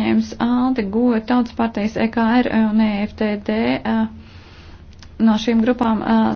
saņēmis ALDE, GOE, Tautas partijas EKR un EFTD. Eh, no šīm grupām eh,